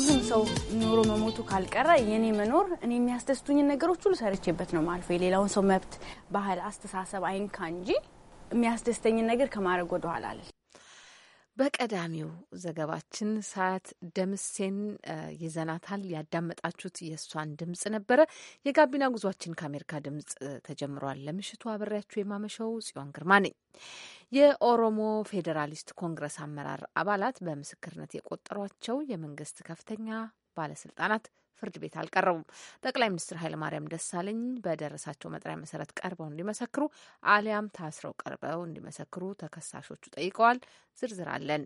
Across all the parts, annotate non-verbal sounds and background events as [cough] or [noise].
ሁሉም ሰው ኑሮ መሞቱ ካልቀረ የኔ መኖር እኔ የሚያስደስቱኝ ነገሮች ሁሉ ሰርቼበት ነው ማልፈው። የሌላውን ሰው መብት፣ ባህል፣ አስተሳሰብ አይንካ እንጂ የሚያስደስተኝን ነገር ከማድረግ ወደኋላ አለን። በቀዳሚው ዘገባችን ሰዓት ደምሴን ይዘናታል። ያዳመጣችሁት የእሷን ድምጽ ነበረ። የጋቢና ጉዟችን ከአሜሪካ ድምጽ ተጀምሯል። ለምሽቱ አብሬያችሁ የማመሸው ጽዮን ግርማ ነኝ። የኦሮሞ ፌዴራሊስት ኮንግረስ አመራር አባላት በምስክርነት የቆጠሯቸው የመንግስት ከፍተኛ ባለስልጣናት ፍርድ ቤት አልቀረቡም። ጠቅላይ ሚኒስትር ኃይለማርያም ደሳለኝ በደረሳቸው መጥሪያ መሰረት ቀርበው እንዲመሰክሩ አሊያም ታስረው ቀርበው እንዲመሰክሩ ተከሳሾቹ ጠይቀዋል። ዝርዝር አለን።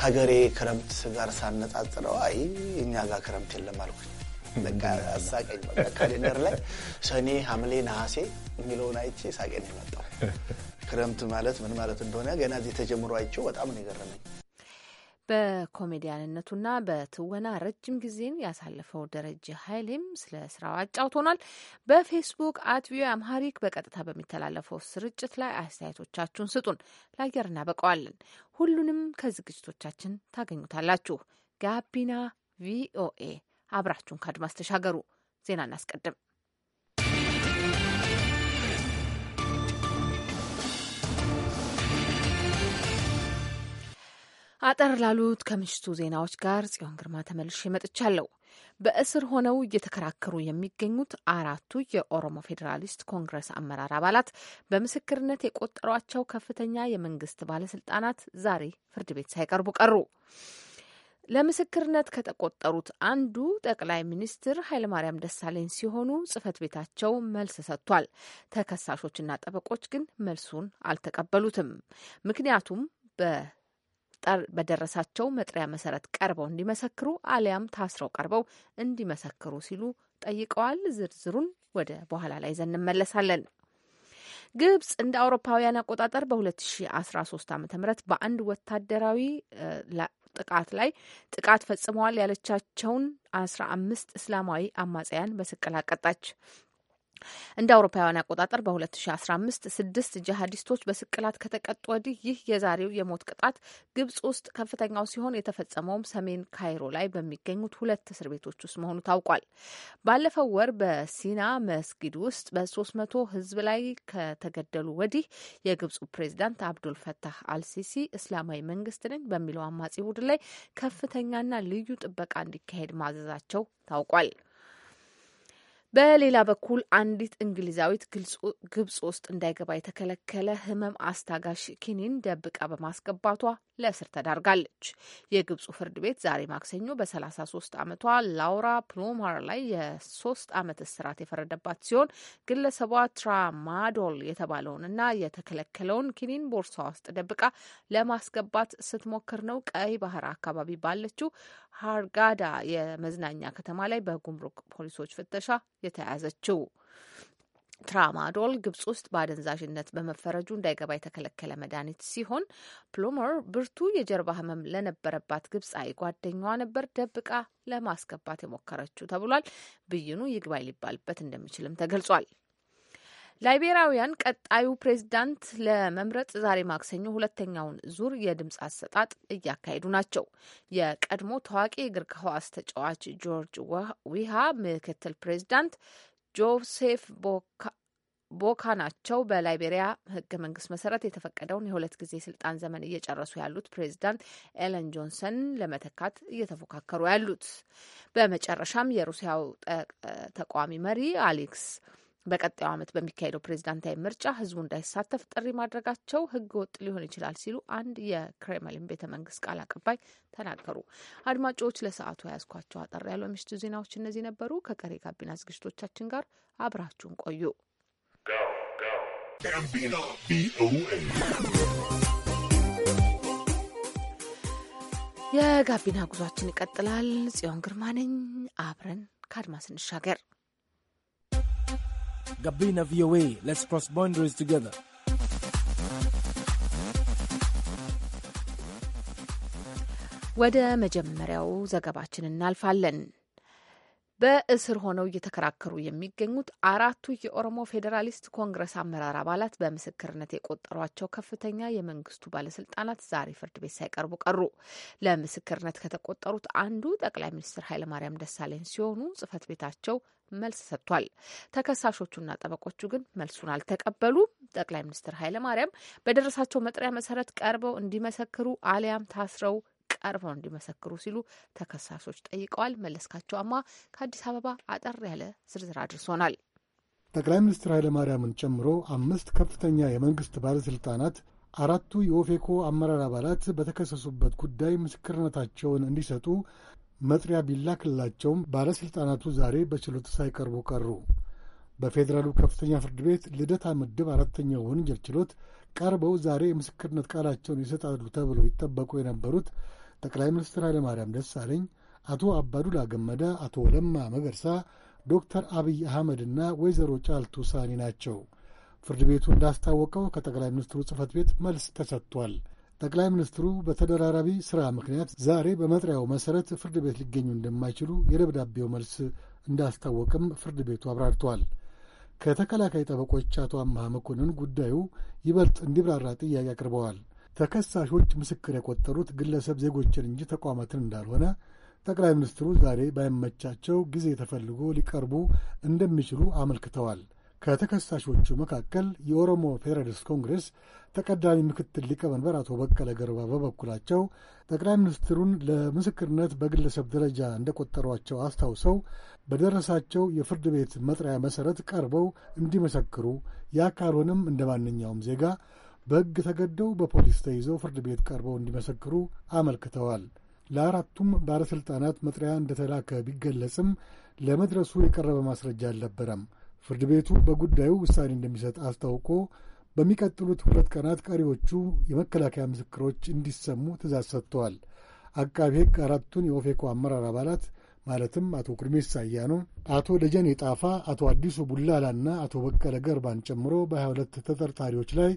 ከገሬ ክረምት ጋር ሳነጻጽረው አይ እኛ ጋር ክረምት የለም አልኩኝ። በቃ አሳቀኝ። ካሌንደር ላይ ሰኔ፣ ሐምሌ፣ ነሐሴ የሚለውን አይቼ ሳቄን የመጣው ክረምት ማለት ምን ማለት እንደሆነ ገና እዚህ ተጀምሮ አይቼው በጣም ነው የገረመኝ። በኮሜዲያንነቱና በትወና ረጅም ጊዜን ያሳለፈው ደረጀ ኃይሌም ስለ ስራው አጫውቶናል። በፌስቡክ አት ቪኦኤ አምሃሪክ በቀጥታ በሚተላለፈው ስርጭት ላይ አስተያየቶቻችሁን ስጡን፣ ለአየር እናበቀዋለን። ሁሉንም ከዝግጅቶቻችን ታገኙታላችሁ። ጋቢና ቪኦኤ አብራችሁን ከአድማስ ተሻገሩ። ዜና እናስቀድም። አጠር ላሉት ከምሽቱ ዜናዎች ጋር ጽዮን ግርማ ተመልሼ መጥቻለሁ። በእስር ሆነው እየተከራከሩ የሚገኙት አራቱ የኦሮሞ ፌዴራሊስት ኮንግረስ አመራር አባላት በምስክርነት የቆጠሯቸው ከፍተኛ የመንግስት ባለስልጣናት ዛሬ ፍርድ ቤት ሳይቀርቡ ቀሩ። ለምስክርነት ከተቆጠሩት አንዱ ጠቅላይ ሚኒስትር ኃይለማርያም ደሳለኝ ሲሆኑ ጽህፈት ቤታቸው መልስ ሰጥቷል። ተከሳሾችና ጠበቆች ግን መልሱን አልተቀበሉትም። ምክንያቱም በ በመፍጠር በደረሳቸው መጥሪያ መሰረት ቀርበው እንዲመሰክሩ አሊያም ታስረው ቀርበው እንዲመሰክሩ ሲሉ ጠይቀዋል። ዝርዝሩን ወደ በኋላ ላይ ዘን እንመለሳለን። ግብጽ እንደ አውሮፓውያን አቆጣጠር በ2013 ዓ ም በአንድ ወታደራዊ ጥቃት ላይ ጥቃት ፈጽመዋል ያለቻቸውን አስራ አምስት እስላማዊ አማጽያን በስቅል አቀጣች። እንደ አውሮፓውያን አቆጣጠር በ2015 ስድስት ጂሀዲስቶች በስቅላት ከተቀጡ ወዲህ ይህ የዛሬው የሞት ቅጣት ግብጽ ውስጥ ከፍተኛው ሲሆን የተፈጸመውም ሰሜን ካይሮ ላይ በሚገኙት ሁለት እስር ቤቶች ውስጥ መሆኑ ታውቋል። ባለፈው ወር በሲና መስጊድ ውስጥ በሶስት መቶ ህዝብ ላይ ከተገደሉ ወዲህ የግብጹ ፕሬዚዳንት አብዱል ፈታህ አልሲሲ እስላማዊ መንግስት ነኝ በሚለው አማጺ ቡድን ላይ ከፍተኛና ልዩ ጥበቃ እንዲካሄድ ማዘዛቸው ታውቋል። በሌላ በኩል አንዲት እንግሊዛዊት ግብጽ ውስጥ እንዳይገባ የተከለከለ ህመም አስታጋሽ ኪኒን ደብቃ በማስገባቷ ለእስር ተዳርጋለች። የግብፁ ፍርድ ቤት ዛሬ ማክሰኞ በ33 ዓመቷ ላውራ ፕሎማር ላይ የሶስት ዓመት እስራት የፈረደባት ሲሆን ግለሰቧ ትራማዶል የተባለውንና የተከለከለውን ኪኒን ቦርሳ ውስጥ ደብቃ ለማስገባት ስትሞክር ነው ቀይ ባህር አካባቢ ባለችው ሃርጋዳ የመዝናኛ ከተማ ላይ በጉምሩክ ፖሊሶች ፍተሻ የተያዘችው። ትራማዶል ግብጽ ውስጥ በአደንዛዥነት በመፈረጁ እንዳይገባ የተከለከለ መድኃኒት ሲሆን ፕሎመር ብርቱ የጀርባ ህመም ለነበረባት ግብጻዊ ጓደኛዋ ነበር ደብቃ ለማስገባት የሞከረችው ተብሏል። ብይኑ ይግባይ ሊባልበት እንደሚችልም ተገልጿል። ላይቤሪያውያን ቀጣዩ ፕሬዝዳንት ለመምረጥ ዛሬ ማክሰኞ ሁለተኛውን ዙር የድምፅ አሰጣጥ እያካሄዱ ናቸው። የቀድሞ ታዋቂ የእግር ኳስ ተጫዋች ጆርጅ ዊሃ ምክትል ፕሬዝዳንት ጆሴፍ ቦካ ናቸው። በላይቤሪያ ህገ መንግስት መሰረት የተፈቀደውን የሁለት ጊዜ ስልጣን ዘመን እየጨረሱ ያሉት ፕሬዚዳንት ኤለን ጆንሰን ለመተካት እየተፎካከሩ ያሉት። በመጨረሻም የሩሲያው ተቃዋሚ መሪ አሌክስ በቀጣዩ ዓመት በሚካሄደው ፕሬዚዳንታዊ ምርጫ ህዝቡ እንዳይሳተፍ ጥሪ ማድረጋቸው ህገ ወጥ ሊሆን ይችላል ሲሉ አንድ የክሬምሊን ቤተ መንግስት ቃል አቀባይ ተናገሩ። አድማጮች፣ ለሰዓቱ የያዝኳቸው አጠር ያሉ የምሽቱ ዜናዎች እነዚህ ነበሩ። ከቀሪ ጋቢና ዝግጅቶቻችን ጋር አብራችሁን ቆዩ። የጋቢና ጉዟችን ይቀጥላል። ጽዮን ግርማ ነኝ። አብረን ከአድማስ እንሻገር። Gabina VOA. Let's cross boundaries together. ወደ መጀመሪያው ዘገባችን እናልፋለን። በእስር ሆነው እየተከራከሩ የሚገኙት አራቱ የኦሮሞ ፌዴራሊስት ኮንግረስ አመራር አባላት በምስክርነት የቆጠሯቸው ከፍተኛ የመንግስቱ ባለስልጣናት ዛሬ ፍርድ ቤት ሳይቀርቡ ቀሩ። ለምስክርነት ከተቆጠሩት አንዱ ጠቅላይ ሚኒስትር ኃይለማርያም ደሳለኝ ሲሆኑ ጽህፈት ቤታቸው መልስ ሰጥቷል። ተከሳሾቹና ጠበቆቹ ግን መልሱን አልተቀበሉ ጠቅላይ ሚኒስትር ኃይለማርያም በደረሳቸው መጥሪያ መሰረት ቀርበው እንዲመሰክሩ አሊያም ታስረው ቀርበው እንዲመሰክሩ ሲሉ ተከሳሾች ጠይቀዋል። መለስካቸው አማ ከአዲስ አበባ አጠር ያለ ዝርዝር አድርሶናል። ጠቅላይ ሚኒስትር ኃይለማርያምን ጨምሮ አምስት ከፍተኛ የመንግስት ባለሥልጣናት አራቱ የኦፌኮ አመራር አባላት በተከሰሱበት ጉዳይ ምስክርነታቸውን እንዲሰጡ መጥሪያ ቢላክላቸውም ባለሥልጣናቱ ዛሬ በችሎት ሳይቀርቡ ቀሩ። በፌዴራሉ ከፍተኛ ፍርድ ቤት ልደታ ምድብ አራተኛው ወንጀል ችሎት ቀርበው ዛሬ የምስክርነት ቃላቸውን ይሰጣሉ ተብለው ይጠበቁ የነበሩት ጠቅላይ ሚኒስትር ኃይለማርያም ደሳለኝ፣ አቶ አባዱላ ገመዳ፣ አቶ ለማ መገርሳ፣ ዶክተር አብይ አህመድና ወይዘሮ ጫልቱ ሳኒ ናቸው። ፍርድ ቤቱ እንዳስታወቀው ከጠቅላይ ሚኒስትሩ ጽህፈት ቤት መልስ ተሰጥቷል። ጠቅላይ ሚኒስትሩ በተደራራቢ ሥራ ምክንያት ዛሬ በመጥሪያው መሠረት ፍርድ ቤት ሊገኙ እንደማይችሉ የደብዳቤው መልስ እንዳስታወቅም ፍርድ ቤቱ አብራርቷል። ከተከላካይ ጠበቆች አቶ አምሃ መኮንን ጉዳዩ ይበልጥ እንዲብራራ ጥያቄ አቅርበዋል። ተከሳሾች ምስክር የቆጠሩት ግለሰብ ዜጎችን እንጂ ተቋማትን እንዳልሆነ ጠቅላይ ሚኒስትሩ ዛሬ ባይመቻቸው ጊዜ ተፈልጎ ሊቀርቡ እንደሚችሉ አመልክተዋል። ከተከሳሾቹ መካከል የኦሮሞ ፌዴራሊስት ኮንግሬስ ተቀዳሚ ምክትል ሊቀመንበር አቶ በቀለ ገርባ በበኩላቸው ጠቅላይ ሚኒስትሩን ለምስክርነት በግለሰብ ደረጃ እንደቆጠሯቸው አስታውሰው በደረሳቸው የፍርድ ቤት መጥሪያ መሠረት ቀርበው እንዲመሰክሩ ያ ካልሆነም እንደ ማንኛውም ዜጋ በሕግ ተገደው በፖሊስ ተይዘው ፍርድ ቤት ቀርበው እንዲመሰክሩ አመልክተዋል። ለአራቱም ባለሥልጣናት መጥሪያ እንደተላከ ቢገለጽም ለመድረሱ የቀረበ ማስረጃ አልነበረም። ፍርድ ቤቱ በጉዳዩ ውሳኔ እንደሚሰጥ አስታውቆ በሚቀጥሉት ሁለት ቀናት ቀሪዎቹ የመከላከያ ምስክሮች እንዲሰሙ ትእዛዝ ሰጥተዋል። አቃቤ ሕግ አራቱን የኦፌኮ አመራር አባላት ማለትም አቶ ጉርሜሳ አያኖ፣ አቶ ደጀኔ ጣፋ፣ አቶ አዲሱ ቡላላና አቶ በቀለ ገርባን ጨምሮ በ22 ተጠርጣሪዎች ላይ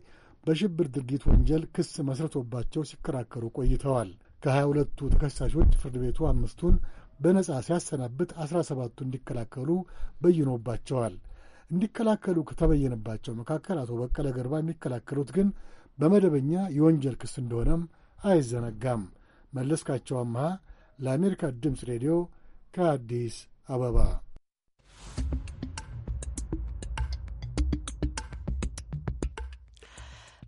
በሽብር ድርጊት ወንጀል ክስ መስርቶባቸው ሲከራከሩ ቆይተዋል። ከሀያ ሁለቱ ተከሳሾች ፍርድ ቤቱ አምስቱን በነጻ ሲያሰናብት አስራ ሰባቱ እንዲከላከሉ በይኖባቸዋል። እንዲከላከሉ ከተበየነባቸው መካከል አቶ በቀለ ገርባ የሚከላከሉት ግን በመደበኛ የወንጀል ክስ እንደሆነም አይዘነጋም። መለስካቸው አምሃ ለአሜሪካ ድምፅ ሬዲዮ ከአዲስ አበባ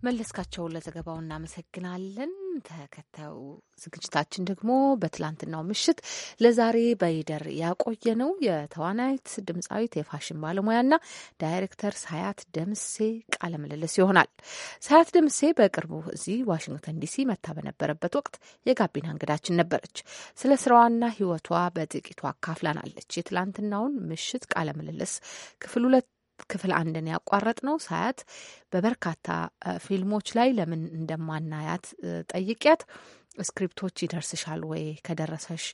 መለስካቸውን ለዘገባው እናመሰግናለን። ተከታዩ ዝግጅታችን ደግሞ በትላንትናው ምሽት ለዛሬ በይደር ያቆየ ነው። የተዋናይት ድምፃዊት፣ የፋሽን ባለሙያና ዳይሬክተር ሳያት ደምሴ ቃለ ምልልስ ይሆናል። ሳያት ደምሴ በቅርቡ እዚህ ዋሽንግተን ዲሲ መታ በነበረበት ወቅት የጋቢና እንግዳችን ነበረች። ስለ ስራዋና ህይወቷ በጥቂቱ አካፍላናለች። የትላንትናውን ምሽት ቃለ ምልልስ ክፍል ሁለት ክፍል አንድን ያቋረጥ ነው ሳያት በበርካታ ፊልሞች ላይ ለምን እንደማናያት ጠይቂያት ስክሪፕቶች ይደርስሻል ወይ? ከደረሰሽ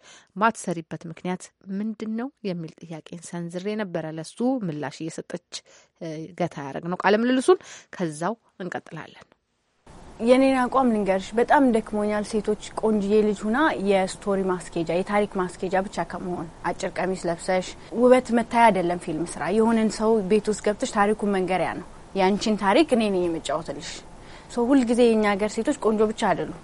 ማትሰሪበት ምክንያት ምንድን ነው የሚል ጥያቄን ሰንዝሬ ነበረ። ለሱ ምላሽ እየሰጠች ገታ ያደረግ ነው ቃለ ምልልሱን። ከዛው እንቀጥላለን። የኔን አቋም ልንገርሽ፣ በጣም ደክሞኛል። ሴቶች ቆንጅዬ ልጅ ሁና የስቶሪ ማስኬጃ የታሪክ ማስኬጃ ብቻ ከመሆን አጭር ቀሚስ ለብሰሽ ውበት መታያ አይደለም ፊልም ስራ። የሆነን ሰው ቤት ውስጥ ገብተሽ ታሪኩን መንገሪያ ነው። ያንቺን ታሪክ እኔ ነኝ የምጫወትልሽ። ሁልጊዜ የእኛ ሀገር ሴቶች ቆንጆ ብቻ አይደሉም።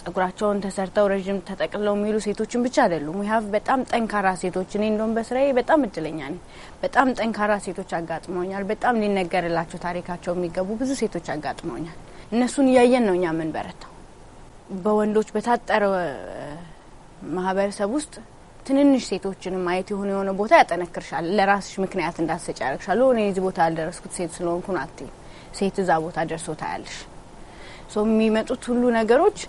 ጸጉራቸውን ተሰርተው ረዥም ተጠቅለው የሚሉ ሴቶችን ብቻ አይደሉም። ሀብ በጣም ጠንካራ ሴቶች። እኔ እንደውም በስራዬ በጣም እድለኛ ነኝ። በጣም ጠንካራ ሴቶች አጋጥመውኛል። በጣም ሊነገርላቸው ታሪካቸው የሚገቡ ብዙ ሴቶች አጋጥመውኛል። እነሱን እያየን ነው እኛ የምንበረታው። በወንዶች በታጠረ ማህበረሰብ ውስጥ ትንንሽ ሴቶችን ማየት የሆነ የሆነ ቦታ ያጠነክርሻል። ለራስሽ ምክንያት እንዳትሰጪ ያደርግሻል። እኔ እዚህ ቦታ ያልደረስኩት ሴት ስለሆንኩ ናት። ሴት እዛ ቦታ ደርሶ ታያለሽ። የሚመጡት ሁሉ ነገሮች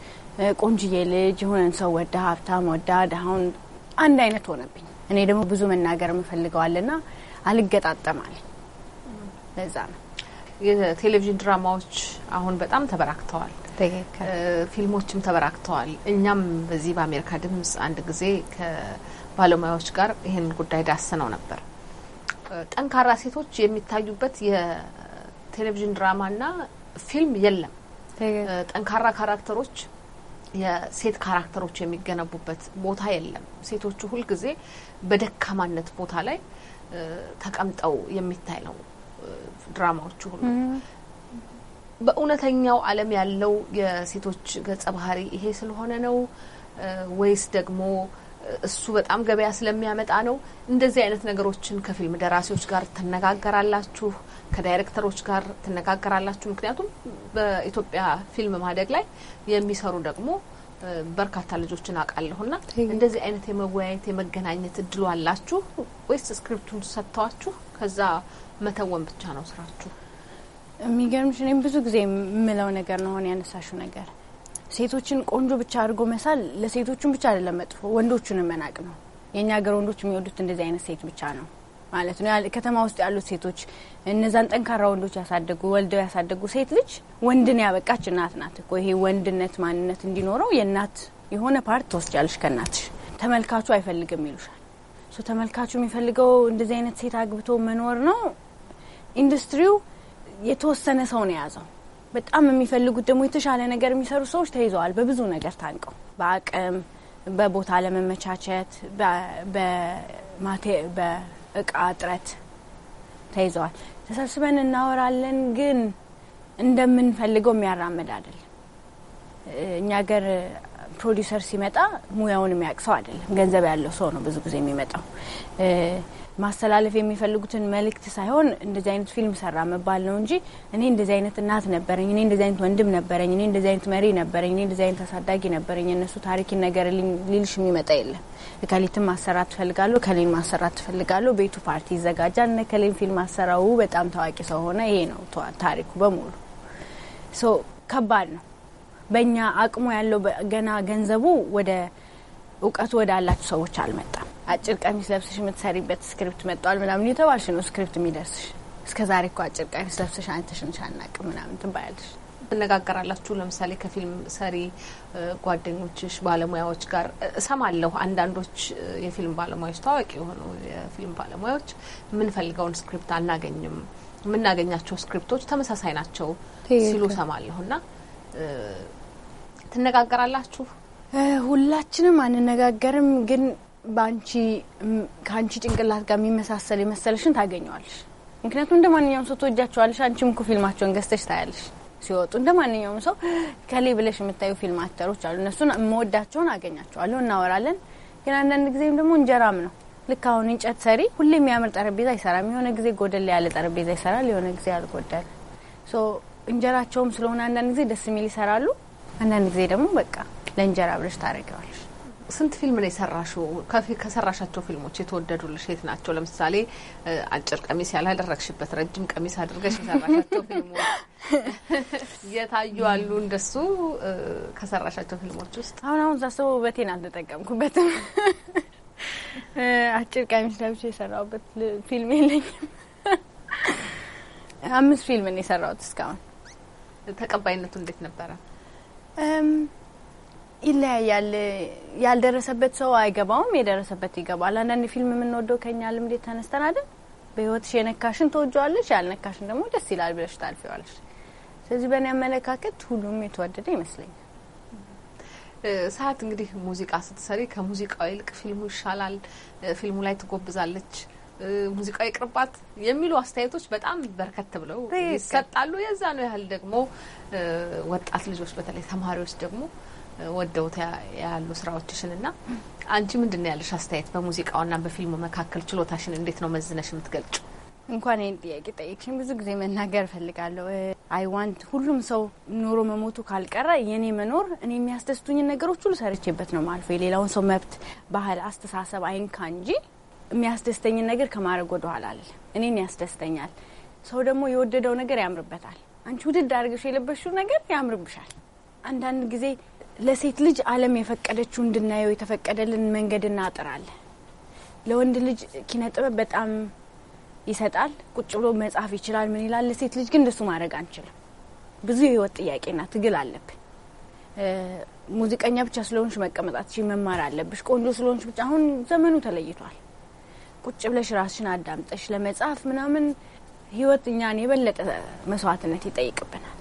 ቆንጅዬ ልጅ የሆነን ሰው ወዳ ሀብታም ወዳ ድሃውን አንድ አይነት ሆነብኝ። እኔ ደግሞ ብዙ መናገር የምፈልገዋልና አልገጣጠማል። ለዛ ነው የቴሌቪዥን ድራማዎች አሁን በጣም ተበራክተዋል። ፊልሞችም ተበራክተዋል። እኛም በዚህ በአሜሪካ ድምጽ አንድ ጊዜ ከባለሙያዎች ጋር ይህን ጉዳይ ዳስነው ነበር። ጠንካራ ሴቶች የሚታዩበት የቴሌቪዥን ድራማና ፊልም የለም። ጠንካራ ካራክተሮች የሴት ካራክተሮች የሚገነቡበት ቦታ የለም። ሴቶቹ ሁልጊዜ በደካማነት ቦታ ላይ ተቀምጠው የሚታይ ነው። ድራማዎቹ ሁሉ በእውነተኛው ዓለም ያለው የሴቶች ገጸ ባህሪ ይሄ ስለሆነ ነው ወይስ ደግሞ እሱ በጣም ገበያ ስለሚያመጣ ነው? እንደዚህ አይነት ነገሮችን ከፊልም ደራሲዎች ጋር ትነጋገራላችሁ? ከዳይሬክተሮች ጋር ትነጋገራላችሁ? ምክንያቱም በኢትዮጵያ ፊልም ማደግ ላይ የሚሰሩ ደግሞ በርካታ ልጆችን አውቃለሁና እንደዚህ አይነት የመወያየት የመገናኘት እድሉ አላችሁ ወይስ ስክሪፕቱን ሰጥተዋችሁ ከዛ መተወን ብቻ ነው ስራችሁ። የሚገርምሽ እኔም ብዙ ጊዜ የምለው ነገር ነው ሆነ ያነሳሽው ነገር ሴቶችን ቆንጆ ብቻ አድርጎ መሳል ለሴቶቹን ብቻ አይደለም መጥፎ፣ ወንዶቹን መናቅ ነው። የእኛ ሀገር ወንዶች የሚወዱት እንደዚህ አይነት ሴት ብቻ ነው ማለት ነው። ከተማ ውስጥ ያሉት ሴቶች እነዛን ጠንካራ ወንዶች ያሳደጉ ወልደው ያሳደጉ ሴት ልጅ ወንድን ያበቃች እናት ናት እኮ። ይሄ ወንድነት ማንነት እንዲኖረው የእናት የሆነ ፓርት ትወስጃለሽ ከእናትሽ። ተመልካቹ አይፈልግም ይሉሻል። ተመልካቹ የሚፈልገው እንደዚህ አይነት ሴት አግብቶ መኖር ነው ኢንዱስትሪው የተወሰነ ሰው ነው የያዘው። በጣም የሚፈልጉት ደግሞ የተሻለ ነገር የሚሰሩ ሰዎች ተይዘዋል። በብዙ ነገር ታንቀው በአቅም በቦታ ለመመቻቸት በእቃ እጥረት ተይዘዋል። ተሰብስበን እናወራለን፣ ግን እንደምንፈልገው የሚያራምድ አይደለም። እኛ ገር ፕሮዲውሰር ሲመጣ ሙያውን የሚያውቅ ሰው አይደለም፣ ገንዘብ ያለው ሰው ነው ብዙ ጊዜ የሚመጣው። ማስተላለፍ የሚፈልጉትን መልእክት ሳይሆን እንደዚህ አይነት ፊልም ሰራ መባል ነው እንጂ እኔ እንደዚህ አይነት እናት ነበረኝ፣ እኔ እንደዚህ አይነት ወንድም ነበረኝ፣ እኔ እንደዚህ አይነት መሪ ነበረኝ፣ እኔ እንደዚህ አይነት አሳዳጊ ነበረኝ፣ እነሱ ታሪክን ነገር ሊልሽ የሚመጣ የለም። እከሊትን ማሰራት ትፈልጋለሁ፣ እከሌን ማሰራት ትፈልጋለሁ፣ ቤቱ ፓርቲ ይዘጋጃል፣ እነ እከሌን ፊልም አሰራው በጣም ታዋቂ ሰው ሆነ። ይሄ ነው ታሪኩ በሙሉ። ሶ ከባድ ነው በእኛ አቅሙ ያለው ገና ገንዘቡ ወደ እውቀቱ ወደ አላቸው ሰዎች አልመጣም። አጭር ቀሚስ ለብስሽ የምትሰሪበት ስክሪፕት መጥቷል ምናምን የተባልሽ ነው ስክሪፕት የሚደርስሽ። እስከ ዛሬ እኮ አጭር ቀሚስ ለብስሽ አንተሽንሽ አናቅም ምናምን ትባያለሽ። ትነጋገራላችሁ ለምሳሌ ከፊልም ሰሪ ጓደኞችሽ ባለሙያዎች ጋር እሰማለሁ። አንዳንዶች የፊልም ባለሙያዎች ታዋቂ የሆኑ የፊልም ባለሙያዎች የምንፈልገውን ስክሪፕት አናገኝም፣ የምናገኛቸው ስክሪፕቶች ተመሳሳይ ናቸው ሲሉ እሰማለሁ እና ትነጋገራላችሁ? ሁላችንም አንነጋገርም፣ ግን በአንቺ ከአንቺ ጭንቅላት ጋር የሚመሳሰል የመሰለሽን ታገኘዋለሽ። ምክንያቱም እንደ ማንኛውም ሰው ትወጃቸዋለሽ። አንቺም እኮ ፊልማቸውን ገዝተሽ ታያለሽ ሲወጡ እንደ ማንኛውም ሰው ከሌ ብለሽ የምታዩ ፊልም አክተሮች አሉ። እነሱን መወዳቸውን አገኛቸዋለሁ፣ እናወራለን። ግን አንዳንድ ጊዜም ደግሞ እንጀራም ነው። ልክ አሁን እንጨት ሰሪ ሁሌ የሚያምር ጠረጴዛ አይሰራም። የሆነ ጊዜ ጎደል ያለ ጠረጴዛ ይሰራል፣ የሆነ ጊዜ አልጎደል። እንጀራቸውም ስለሆነ አንዳንድ ጊዜ ደስ የሚል ይሰራሉ፣ አንዳንድ ጊዜ ደግሞ በቃ ለእንጀራ ብለሽ ታደርጊዋለሽ። ስንት ፊልም ነው የሰራሹ? ከሰራሻቸው ፊልሞች የተወደዱልሽ የት ናቸው? ለምሳሌ አጭር ቀሚስ ያላደረግሽበት ረጅም ቀሚስ አድርገሽ የሰራሻቸው ፊልሞች [laughs] የታዩ አሉ? እንደሱ ከሰራሻቸው ፊልሞች ውስጥ አሁን አሁን ሳስበው ውበቴን አልተጠቀምኩበትም። [laughs] አጭር ቀሚስ ለብሼ የሰራሁበት ፊልም የለኝም። [laughs] አምስት ፊልም ነው የሰራሁት እስካሁን። ተቀባይነቱ እንዴት ነበረ? ይለያያል። ያልደረሰበት ሰው አይገባውም፣ የደረሰበት ይገባል። አንዳንድ ፊልም የምንወደው ከኛ ልምድ የተነስተን አይደል? በህይወትሽ የነካሽን ተወጇዋለሽ፣ ያልነካሽን ደግሞ ደስ ይላል ብለሽ ታልፊዋለሽ። ስለዚህ በእኔ አመለካከት ሁሉም የተወደደ ይመስለኛል። ሰዓት እንግዲህ ሙዚቃ ስትሰሪ ከሙዚቃው ይልቅ ፊልሙ ይሻላል፣ ፊልሙ ላይ ትጎብዛለች ሙዚቃ ይቅርባት የሚሉ አስተያየቶች በጣም በርከት ብለው ይሰጣሉ። የዛ ነው ያህል ደግሞ ወጣት ልጆች በተለይ ተማሪዎች ደግሞ ወደውት ያሉ ስራዎችሽን እና አንቺ ምንድን ነው ያለሽ አስተያየት በሙዚቃውና በፊልሙ መካከል ችሎታሽን እንዴት ነው መዝነሽ የምትገልጩ? እንኳን ይህን ጥያቄ ጠየቅሽኝ። ብዙ ጊዜ መናገር እፈልጋለሁ። አይዋንት ሁሉም ሰው ኑሮ መሞቱ ካልቀረ የእኔ መኖር እኔ የሚያስደስቱኝን ነገሮች ሁሉ ሰርቼበት ነው ማልፎ የሌላውን ሰው መብት፣ ባህል፣ አስተሳሰብ አይንካ እንጂ የሚያስደስተኝን ነገር ከማድረግ ወደኋላ አለ። እኔን ያስደስተኛል። ሰው ደግሞ የወደደው ነገር ያምርበታል። አንቺ ውድድ አድርገሽ የለበሽው ነገር ያምርብሻል። አንዳንድ ጊዜ ለሴት ልጅ ዓለም የፈቀደችው እንድናየው የተፈቀደልን መንገድ እናጥራለን። ለወንድ ልጅ ኪነ ጥበብ በጣም ይሰጣል። ቁጭ ብሎ መጻፍ ይችላል፣ ምን ይላል። ለሴት ልጅ ግን እንደሱ ማድረግ አንችልም። ብዙ የህይወት ጥያቄና ትግል አለብን። ሙዚቀኛ ብቻ ስለሆንሽ መቀመጣት መማር አለብሽ። ቆንጆ ስለሆንሽ ብቻ አሁን ዘመኑ ተለይቷል። ቁጭ ብለሽ ራስሽን አዳምጠሽ ለመጻፍ ምናምን ህይወት እኛን የበለጠ መስዋዕትነት ይጠይቅብናል።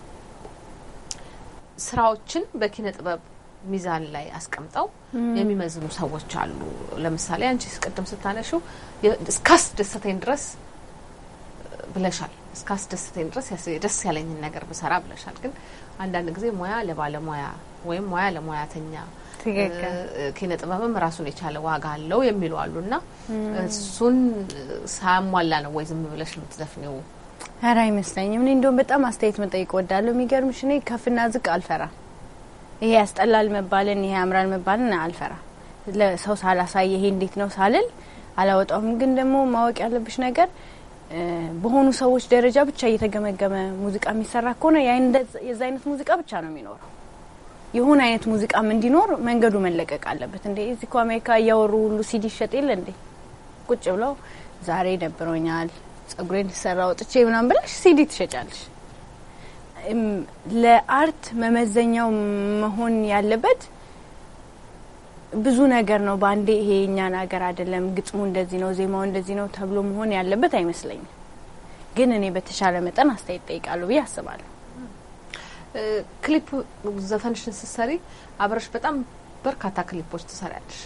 ስራዎችን በኪነ ጥበብ ሚዛን ላይ አስቀምጠው የሚመዝኑ ሰዎች አሉ። ለምሳሌ አንቺ ቅድም ስታነሹ እስካስደሰተኝ ድረስ ብለሻል። እስካስደሰተኝ ድረስ ደስ ያለኝን ነገር ብሰራ ብለሻል። ግን አንዳንድ ጊዜ ሙያ ለባለሙያ ወይም ሙያ ለሙያተኛ ኪነ ጥበብም ራሱን የቻለ ዋጋ አለው የሚሉ አሉ እና እሱን ሳያሟላ ነው ወይ ዝም ብለሽ የምትዘፍኒው? ኧረ አይመስለኝም። እኔ እንደውም በጣም አስተያየት መጠየቅ ወዳለሁ። የሚገርምሽ እኔ ከፍና ዝቅ አልፈራ ይሄ ያስጠላል መባልን፣ ይሄ ያምራል መባልን አልፈራ ለሰው ሳላሳይ ይሄ እንዴት ነው ሳልል አላወጣሁም። ግን ደግሞ ማወቅ ያለብሽ ነገር በሆኑ ሰዎች ደረጃ ብቻ እየተገመገመ ሙዚቃ የሚሰራ ከሆነ የዛ አይነት ሙዚቃ ብቻ ነው የሚኖረው። የሆነ አይነት ሙዚቃም እንዲኖር መንገዱ መለቀቅ አለበት። እንዴ እዚህ እኮ አሜሪካ እያወሩ ሁሉ ሲዲ ይሸጥ የለ እንዴ? ቁጭ ብለው ዛሬ ደብሮኛል ጸጉሬን ሰራ ወጥቼ ምናምን ብለሽ ሲዲ ትሸጫለሽ። ለአርት መመዘኛው መሆን ያለበት ብዙ ነገር ነው። በአንዴ ይሄ እኛን ሀገር አይደለም፣ ግጥሙ እንደዚህ ነው፣ ዜማው እንደዚህ ነው ተብሎ መሆን ያለበት አይመስለኝም። ግን እኔ በተሻለ መጠን አስተያየት ጠይቃለሁ ብዬ አስባለሁ። ክሊፕ ዘፈንሽን ስሰሪ አብረሽ በጣም በርካታ ክሊፖች ትሰሪያለሽ።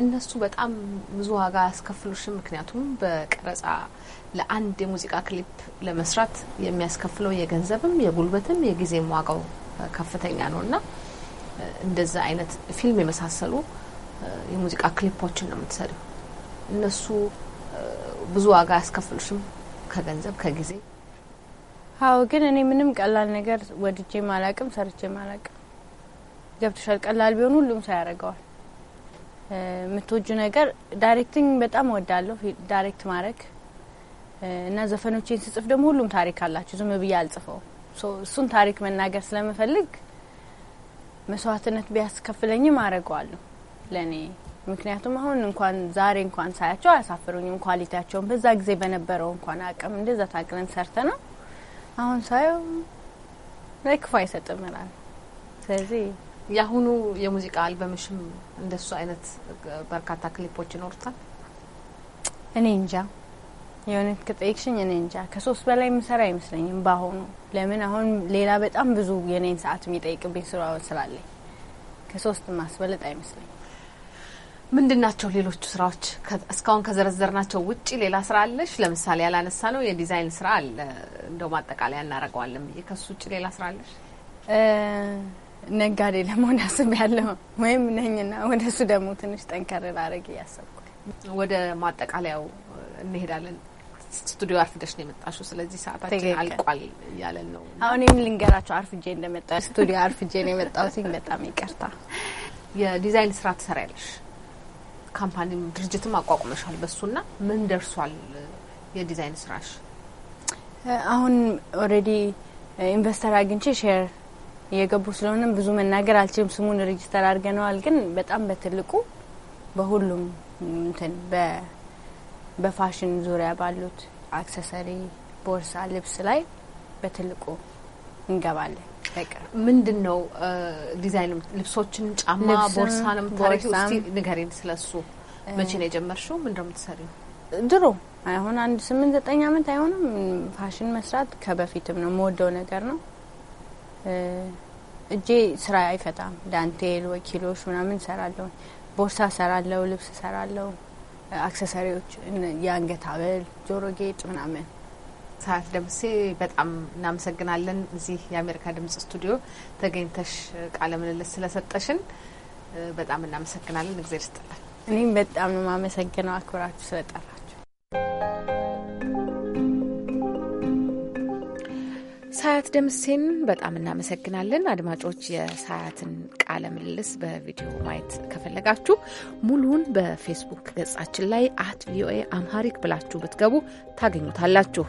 እነሱ በጣም ብዙ ዋጋ ያስከፍሉሽም ምክንያቱም በቀረጻ ለአንድ የሙዚቃ ክሊፕ ለመስራት የሚያስከፍለው የገንዘብም የጉልበትም የጊዜም ዋጋው ከፍተኛ ነው እና እንደዛ አይነት ፊልም የመሳሰሉ የሙዚቃ ክሊፖችን ነው የምትሰሪው። እነሱ ብዙ ዋጋ ያስከፍሉሽም ከገንዘብ ከጊዜ አዎ ግን እኔ ምንም ቀላል ነገር ወድጄ ማላቅም ሰርቼ ማላቅም። ገብቶሻል? ቀላል ቢሆን ሁሉም ሰው ያደርገዋል። የምትወጁ ነገር ዳይሬክቲንግ በጣም እወዳለሁ፣ ዳይሬክት ማድረግ እና ዘፈኖቼን ስጽፍ ደግሞ ሁሉም ታሪክ አላቸው። ዝም ብዬ አልጽፈው እሱን ታሪክ መናገር ስለምፈልግ መስዋዕትነት ቢያስከፍለኝም አረገዋለሁ ለእኔ ምክንያቱም አሁን እንኳን ዛሬ እንኳን ሳያቸው አያሳፍሩኝም። ኳሊቲያቸውን በዛ ጊዜ በነበረው እንኳን አቅም እንደዛ ታቅለን ሰርተ ነው አሁን ሳየው ላይ ክፉ አይሰጥም ስለዚህ የአሁኑ የሙዚቃ አልበምሽም እንደሱ አይነት በርካታ ክሊፖች ይኖሩታል። እኔ እንጃ የእውነት ከጠየቅሽኝ እኔ እንጃ ከሶስት በላይ የምሰራ አይመስለኝም በአሁኑ። ለምን አሁን ሌላ በጣም ብዙ የኔን ሰዓት የሚጠይቅብኝ ስራ ስላለኝ ከሶስት ማስበለጥ አይመስለኝም። ምንድን ናቸው ሌሎቹ ስራዎች? እስካሁን ከዘረዘርናቸው ውጭ ሌላ ስራ አለሽ? ለምሳሌ ያላነሳ ነው የዲዛይን ስራ አለ፣ እንደው ማጠቃለያ እናደርገዋለን ብዬ ከሱ ውጭ ሌላ ስራ አለሽ? ነጋዴ ለመሆን አስብ ያለው ወይም ነኝና ወደ እሱ ደግሞ ትንሽ ጠንከር ላደርግ እያሰብኩ ወደ ማጠቃለያው እንሄዳለን። ስቱዲዮ አርፍደሽ ነው የመጣሽው፣ ስለዚህ ሰዓታችን አልቋል እያለን ነው። አሁን ይህም ልንገራቸው አርፍጄ እንደመጣ ስቱዲዮ አርፍጄ ነው የመጣሁት። በጣም ይቅርታ። የዲዛይን ስራ ትሰራ ያለሽ ካምፓኒ ድርጅትም አቋቁመሻል። በሱና ምን ደርሷል የዲዛይን ስራሽ? አሁን ኦልሬዲ ኢንቨስተር አግኝቼ ሼር እየገቡ ስለሆነ ብዙ መናገር አልችልም። ስሙን ሬጅስተር አድርገነዋል። ግን በጣም በትልቁ በሁሉም እንትን በፋሽን ዙሪያ ባሉት አክሰሰሪ፣ ቦርሳ፣ ልብስ ላይ በትልቁ እንገባለን። ምንድነው ምንድን ነው ዲዛይን? ልብሶችን፣ ጫማ፣ ቦርሳ ነው እስቲ ንገሪን ስለሱ። መቼ ነው የጀመርሽው? ምንድነው የምትሰሪው? ድሮ አሁን አንድ ስምንት ዘጠኝ አመት አይሆንም ፋሽን መስራት ከበፊትም ነው የምወደው ነገር ነው። እጄ ስራ አይፈታም። ዳንቴል ወይ ኪሎሽ ምናምን ሰራለሁ፣ ቦርሳ ሰራለሁ፣ ልብስ ሰራለሁ፣ አክሰሰሪዎች፣ የአንገት ሀብል፣ ጆሮ ጌጥ ምናምን ሰዓት ደምሴ በጣም እናመሰግናለን። እዚህ የአሜሪካ ድምጽ ስቱዲዮ ተገኝተሽ ቃለ ምልልስ ስለሰጠሽን በጣም እናመሰግናለን። እግዜር ስጥላል። እኔም በጣም ነው ማመሰግነው አክብራችሁ ስለጠራ ሳያት ደምሴን በጣም እናመሰግናለን። አድማጮች የሳያትን ቃለ ምልልስ በቪዲዮ ማየት ከፈለጋችሁ ሙሉውን በፌስቡክ ገጻችን ላይ አት ቪኦኤ አምሃሪክ ብላችሁ ብትገቡ ታገኙታላችሁ።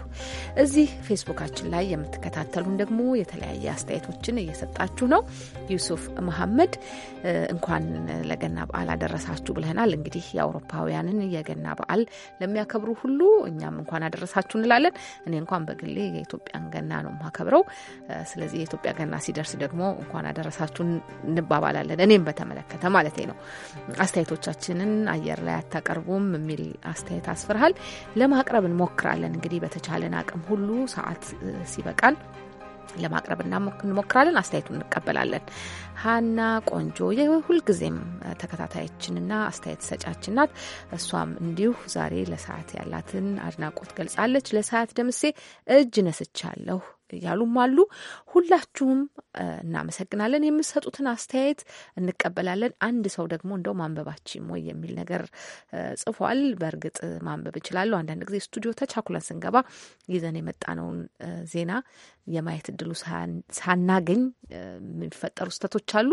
እዚህ ፌስቡካችን ላይ የምትከታተሉን ደግሞ የተለያየ አስተያየቶችን እየሰጣችሁ ነው። ዩሱፍ መሐመድ እንኳን ለገና በዓል አደረሳችሁ ብለናል። እንግዲህ የአውሮፓውያንን የገና በዓል ለሚያከብሩ ሁሉ እኛም እንኳን አደረሳችሁ እንላለን። እኔ እንኳን በግሌ የኢትዮጵያን ገና ነው የምናከብረው። ስለዚህ የኢትዮጵያ ገና ሲደርስ ደግሞ እንኳን አደረሳችሁ እንባባላለን። እኔም በተመለከተ ማለት ነው። አስተያየቶቻችንን አየር ላይ አታቀርቡም የሚል አስተያየት አስፍርሃል። ለማቅረብ እንሞክራለን እንግዲህ በተቻለን አቅም ሁሉ ሰዓት ሲበቃን ለማቅረብ እንሞክራለን። አስተያየቱን እንቀበላለን። ሀና ቆንጆ የሁልጊዜም ተከታታያችንና አስተያየት ሰጫችን ናት። እሷም እንዲሁ ዛሬ ለሰዓት ያላትን አድናቆት ገልጻለች። ለሰዓት ደምሴ እጅ ነስቻለሁ ያሉም አሉ። ሁላችሁም እናመሰግናለን። የምትሰጡትን አስተያየት እንቀበላለን። አንድ ሰው ደግሞ እንደው ማንበባችን ወይ የሚል ነገር ጽፏል። በእርግጥ ማንበብ እችላለሁ። አንዳንድ ጊዜ ስቱዲዮ ተቻኩለን ስንገባ ይዘን የመጣነውን ዜና የማየት እድሉ ሳናገኝ የሚፈጠሩ ስህተቶች አሉ።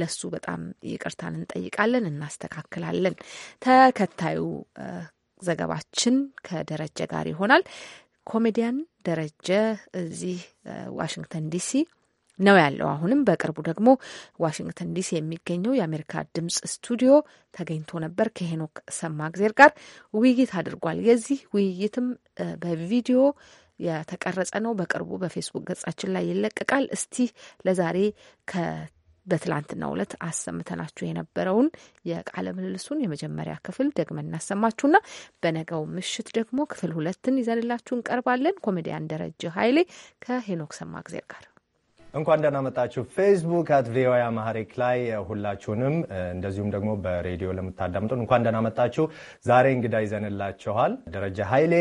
ለሱ በጣም ይቅርታን እንጠይቃለን፣ እናስተካክላለን። ተከታዩ ዘገባችን ከደረጀ ጋር ይሆናል። ኮሜዲያን ደረጀ እዚህ ዋሽንግተን ዲሲ ነው ያለው። አሁንም በቅርቡ ደግሞ ዋሽንግተን ዲሲ የሚገኘው የአሜሪካ ድምጽ ስቱዲዮ ተገኝቶ ነበር ከሄኖክ ሰማግዜር ጋር ውይይት አድርጓል። የዚህ ውይይትም በቪዲዮ የተቀረጸ ነው። በቅርቡ በፌስቡክ ገጻችን ላይ ይለቀቃል። እስቲ ለዛሬ በትላንትናው ዕለት አሰምተናችሁ የነበረውን የቃለ ምልልሱን የመጀመሪያ ክፍል ደግመን እናሰማችሁና በነገው ምሽት ደግሞ ክፍል ሁለትን ይዘንላችሁ እንቀርባለን። ኮሜዲያን ደረጀ ኃይሌ ከሄኖክ ሰማግዜር ጋር እንኳን ደህና መጣችሁ። ፌስቡክ አት ቪኦኤ አማሪክ ላይ ሁላችሁንም እንደዚሁም ደግሞ በሬዲዮ ለምታዳምጡን እንኳን ደህና መጣችሁ። ዛሬ እንግዳ ይዘንላችኋል። ደረጀ ኃይሌ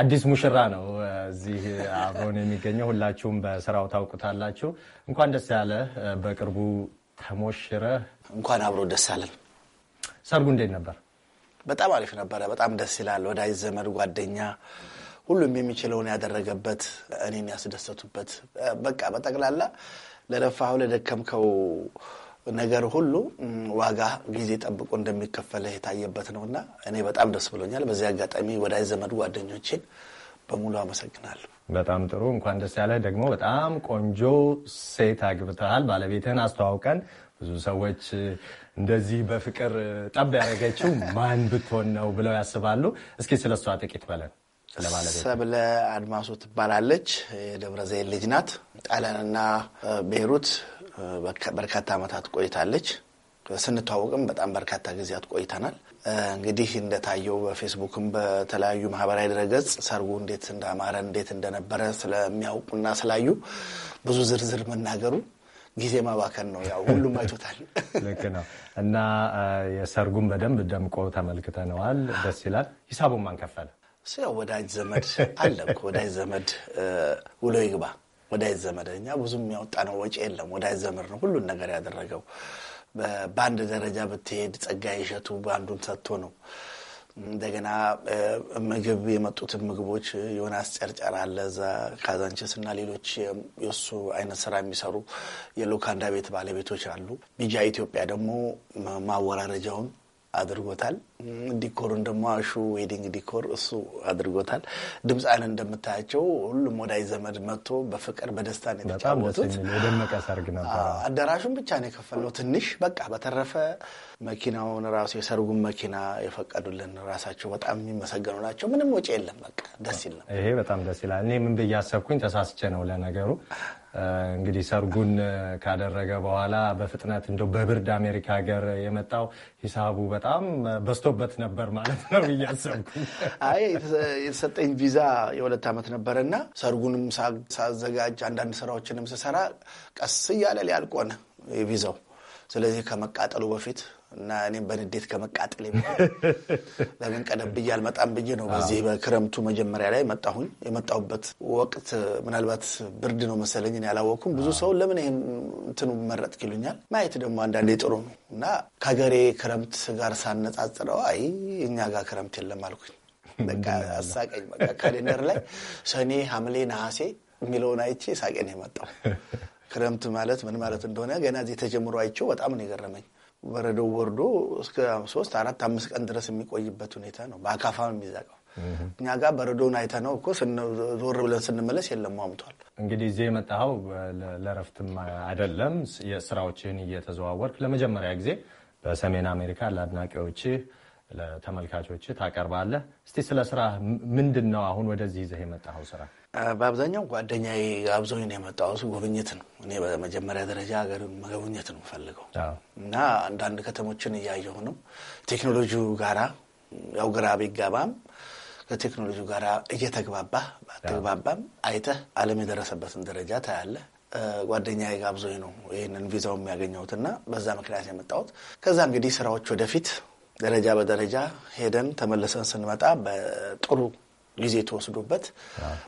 አዲስ ሙሽራ ነው እዚህ አብሮን የሚገኘው። ሁላችሁም በስራው ታውቁታላችሁ። እንኳን ደስ ያለ። በቅርቡ ተሞሽረ። እንኳን አብሮ ደስ አለን። ሰርጉ እንዴት ነበር? በጣም አሪፍ ነበረ። በጣም ደስ ይላል። ወዳጅ ዘመድ ጓደኛ ሁሉም የሚችለውን ያደረገበት እኔን ያስደሰቱበት በቃ በጠቅላላ ለለፋኸው ለደከምከው ነገር ሁሉ ዋጋ ጊዜ ጠብቆ እንደሚከፈልህ የታየበት ነውና እኔ በጣም ደስ ብሎኛል። በዚህ አጋጣሚ ወዳጅ ዘመድ ጓደኞችን በሙሉ አመሰግናለሁ። በጣም ጥሩ እንኳን ደስ ያለህ። ደግሞ በጣም ቆንጆ ሴት አግብተሃል። ባለቤትህን አስተዋውቀን። ብዙ ሰዎች እንደዚህ በፍቅር ጠብ ያደረገችው ማን ብትሆን ነው ብለው ያስባሉ። እስኪ ስለሷ ጥቂት በለን። ሰብለ አድማሱ ትባላለች። የደብረ ዘይት ልጅ ናት። ጣሊያንና ቤይሩት በርካታ ዓመታት ቆይታለች። ስንተዋወቅም በጣም በርካታ ጊዜያት ቆይተናል። እንግዲህ እንደታየው በፌስቡክም በተለያዩ ማህበራዊ ድረገጽ ሰርጉ እንዴት እንዳማረ እንዴት እንደነበረ ስለሚያውቁና ስላዩ ብዙ ዝርዝር መናገሩ ጊዜ ማባከን ነው። ያው ሁሉም አይቶታል። [laughs] ልክ ነው እና የሰርጉን በደንብ ደምቆ ተመልክተነዋል። ደስ ይላል። ሂሳቡም አንከፈለ ያው ወዳጅ ዘመድ አለ ወዳጅ ዘመድ ውሎ ይግባ። ወዳጅ ዘመድ እኛ ብዙም ያወጣ ነው ወጪ የለም። ወዳጅ ዘመድ ነው ሁሉን ነገር ያደረገው። በአንድ ደረጃ ብትሄድ ጸጋዬ እሸቱ በአንዱን ሰጥቶ ነው። እንደገና ምግብ የመጡትን ምግቦች ዮናስ ጨርጨር አለ እዛ ካዛንችስ እና ሌሎች የእሱ አይነት ስራ የሚሰሩ የሎካንዳ ቤት ባለቤቶች አሉ። ቢጃ ኢትዮጵያ ደግሞ ማወራረጃውን አድርጎታል። ዲኮሩን ደግሞ አሹ ዌዲንግ ዲኮር እሱ አድርጎታል። ድምፃን እንደምታያቸው ሁሉም ወዳጅ ዘመድ መጥቶ በፍቅር በደስታ ነው የተጫወቱት። የደመቀ ሰርግ ነበር። አዳራሹን ብቻ ነው የከፈለው ትንሽ በቃ። በተረፈ መኪናውን ራሱ የሰርጉን መኪና የፈቀዱልን ራሳቸው በጣም የሚመሰገኑ ናቸው። ምንም ወጪ የለም። በቃ ደስ ይል ነው። ይሄ በጣም ደስ ይላል። እኔ ምን ብዬ አሰብኩኝ፣ ተሳስቼ ነው ለነገሩ እንግዲህ ሰርጉን ካደረገ በኋላ በፍጥነት እንደ በብርድ አሜሪካ ሀገር የመጣው ሂሳቡ በጣም በዝቶበት ነበር ማለት ነው እያሰብኩ። አይ የተሰጠኝ ቪዛ የሁለት ዓመት ነበር እና ሰርጉንም ሳዘጋጅ አንዳንድ ስራዎችንም ስሰራ ቀስ እያለ ሊያልቅ የቪዛው። ስለዚህ ከመቃጠሉ በፊት እና እኔም በንዴት ከመቃጠል ለምን ቀደም ብዬ አልመጣም ብዬ ነው። በዚህ በክረምቱ መጀመሪያ ላይ መጣሁኝ። የመጣሁበት ወቅት ምናልባት ብርድ ነው መሰለኝ ያላወቅኩም። ብዙ ሰው ለምን ይህን እንትኑ መረጥ ይሉኛል። ማየት ደግሞ አንዳንዴ ጥሩ ነው እና ከሀገሬ ክረምት ጋር ሳነጻጽረው አይ እኛ ጋር ክረምት የለም አልኩኝ። በቃ አሳቀኝ። በቃ ካሌንደር ላይ ሰኔ፣ ሐምሌ፣ ነሐሴ የሚለውን አይቼ ሳቄ ነው የመጣው። [laughs] ክረምት ማለት ምን ማለት እንደሆነ ገና እዚህ ተጀምሮ አይቼው በጣም ነው የገረመኝ። ወረደው ወርዶ እስከ ሶስት አራት አምስት ቀን ድረስ የሚቆይበት ሁኔታ ነው። በአካፋ የሚዘጋው እኛ ጋር በረዶውን አይተ ነው እኮ ዞር ብለን ስንመለስ የለም ሟምቷል። እንግዲህ እዚህ የመጣኸው ለረፍትም አይደለም። የስራዎችህን እየተዘዋወርክ ለመጀመሪያ ጊዜ በሰሜን አሜሪካ ለአድናቂዎችህ ለተመልካቾች ታቀርባለህ። እስቲ ስለ ስራ ምንድን ነው አሁን ወደዚህ ይዘህ የመጣኸው ስራ? በአብዛኛው ጓደኛ አብዞኝ ነው የመጣው። እሱ ጉብኝት ነው። እኔ በመጀመሪያ ደረጃ ሀገር መጎብኘት ነው ፈልገው እና አንዳንድ ከተሞችን እያየሁ ነው። ቴክኖሎጂው ጋራ ያው ግራ ቢገባም ከቴክኖሎጂው ጋራ እየተግባባ ባትግባባም አይተህ ዓለም የደረሰበትን ደረጃ ታያለህ። ጓደኛ ጋብዞኝ ነው ይህንን ቪዛው የሚያገኘሁት እና በዛ ምክንያት የመጣሁት። ከዛ እንግዲህ ስራዎች ወደፊት ደረጃ በደረጃ ሄደን ተመልሰን ስንመጣ በጥሩ ጊዜ ተወስዶበት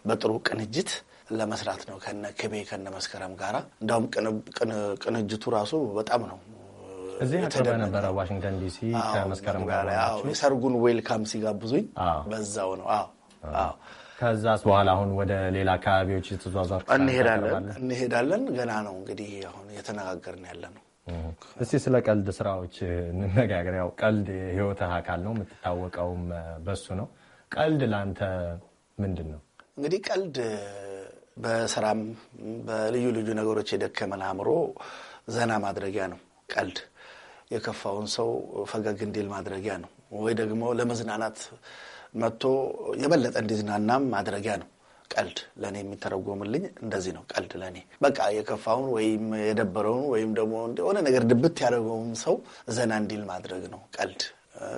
በጥሩ ቅንጅት ለመስራት ነው ከነ ክቤ ከነ መስከረም ጋራ። እንዲሁም ቅንጅቱ ራሱ በጣም ነው እዚህ አቅርበህ ነበረ ዋሽንግተን ዲሲ ከመስከረም ጋር የሰርጉን ዌልካም ሲጋብዙኝ በዛው ነው። አዎ አዎ። ከዛስ በኋላ አሁን ወደ ሌላ አካባቢዎች የተዟዟር እንሄዳለን ገና ነው እንግዲህ አሁን እየተነጋገርን ያለ ነው። እስቲ ስለ ቀልድ ስራዎች እንነጋገር። ያው ቀልድ የህይወትህ አካል ነው፣ የምትታወቀውም በሱ ነው። ቀልድ ለአንተ ምንድን ነው? እንግዲህ ቀልድ በስራም በልዩ ልዩ ነገሮች የደከመን አእምሮ ዘና ማድረጊያ ነው። ቀልድ የከፋውን ሰው ፈገግ እንዲል ማድረጊያ ነው፣ ወይ ደግሞ ለመዝናናት መጥቶ የበለጠ እንዲዝናናም ማድረጊያ ነው። ቀልድ ለእኔ የሚተረጎምልኝ እንደዚህ ነው። ቀልድ ለእኔ በቃ የከፋውን ወይም የደበረውን ወይም ደግሞ የሆነ ነገር ድብት ያደረገውን ሰው ዘና እንዲል ማድረግ ነው ቀልድ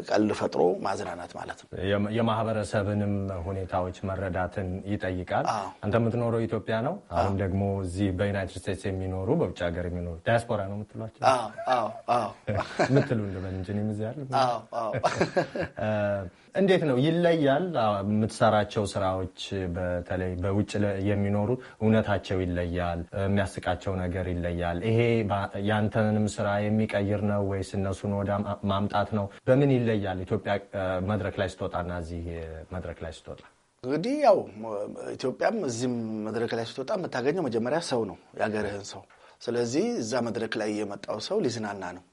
ቀልድ ፈጥሮ ማዝናናት ማለት ነው። የማህበረሰብንም ሁኔታዎች መረዳትን ይጠይቃል። አንተ የምትኖረው ኢትዮጵያ ነው። አሁን ደግሞ እዚህ በዩናይትድ ስቴትስ የሚኖሩ በውጭ ሀገር የሚኖሩ ዳያስፖራ ነው የምትሏቸው [laughs] ምትሉ ልበል እንጂ እዚያ [laughs] [laughs] እንዴት ነው ይለያል? የምትሰራቸው ስራዎች በተለይ በውጭ የሚኖሩ እውነታቸው ይለያል፣ የሚያስቃቸው ነገር ይለያል። ይሄ ያንተንም ስራ የሚቀይር ነው ወይስ እነሱን ወደ ማምጣት ነው? በምን ይለያል? ኢትዮጵያ መድረክ ላይ ስትወጣና እዚህ መድረክ ላይ ስትወጣ እንግዲህ ያው ኢትዮጵያም እዚህም መድረክ ላይ ስትወጣ የምታገኘው መጀመሪያ ሰው ነው፣ የሀገርህን ሰው። ስለዚህ እዛ መድረክ ላይ የመጣው ሰው ሊዝናና ነው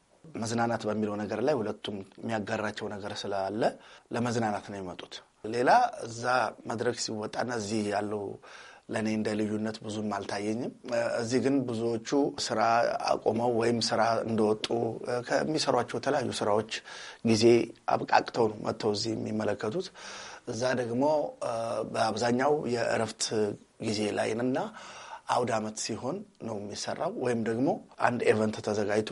መዝናናት በሚለው ነገር ላይ ሁለቱም የሚያጋራቸው ነገር ስላለ ለመዝናናት ነው የመጡት። ሌላ እዛ መድረክ ሲወጣና እዚህ ያለው ለእኔ እንደ ልዩነት ብዙም አልታየኝም። እዚህ ግን ብዙዎቹ ስራ አቆመው ወይም ስራ እንደወጡ ከሚሰሯቸው የተለያዩ ስራዎች ጊዜ አብቃቅተው ነው መጥተው እዚህ የሚመለከቱት። እዛ ደግሞ በአብዛኛው የእረፍት ጊዜ ላይንና አውድ አመት ሲሆን ነው የሚሰራው ወይም ደግሞ አንድ ኤቨንት ተዘጋጅቶ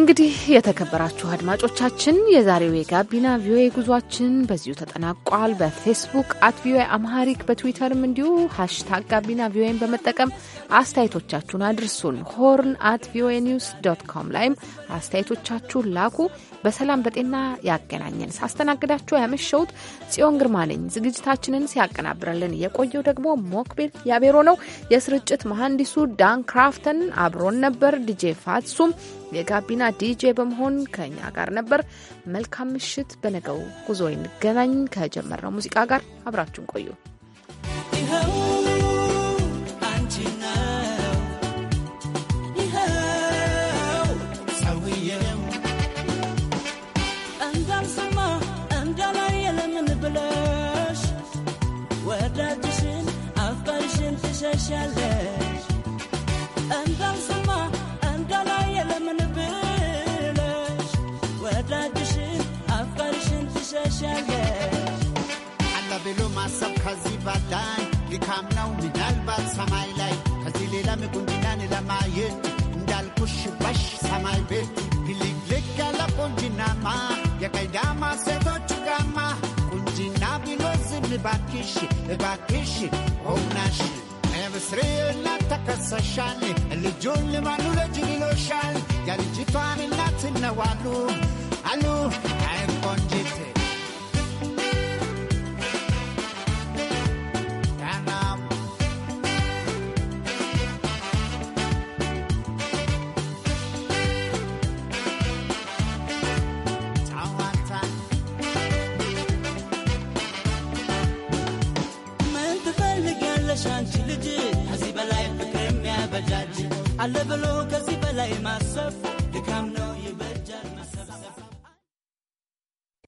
እንግዲህ የተከበራችሁ አድማጮቻችን የዛሬው የጋቢና ቪኦኤ ጉዟችን በዚሁ ተጠናቋል። በፌስቡክ አት ቪኦኤ አምሃሪክ በትዊተርም እንዲሁ ሀሽታግ ጋቢና ቪኦኤን በመጠቀም አስተያየቶቻችሁን አድርሱን። ሆርን አት ቪኦኤ ኒውስ ዶት ኮም ላይም አስተያየቶቻችሁን ላኩ። በሰላም በጤና ያገናኘን። ሳስተናግዳችሁ ያመሸውት ጽዮን ግርማ ነኝ። ዝግጅታችንን ሲያቀናብረልን የቆየው ደግሞ ሞክቤል ያቤሮ ነው። የስርጭት መሐንዲሱ ዳን ክራፍተን አብሮን ነበር። ዲጄ ፋትሱም የጋቢና ዲጄ በመሆን ከኛ ጋር ነበር። መልካም ምሽት። በነገው ጉዞ እንገናኝ። ከጀመርነው ሙዚቃ ጋር አብራችሁን ቆዩ። ከዚህ በላይ ድካም ነው ምናልባት ሰማይ ላይ ከዚህ ሌላ ምቁንጅናን ለማየት እንዳልኩሽ ባሽ ሰማይ ቤት ግልግልግ ያለ ቁንጅናማ የቀዳማ ሴቶች ጋማ ቁንጅና ቢሎዝም ባክሽ እባክሽ ሆናሽ ብስሬ እናት ተከሰሻል ልጁን ልማሉ ለጅ ይሎሻል የልጅቷን እናት ነዋሉ አሉ አይቆንጅት አለ ብሎ ከዚህ በላይ ማ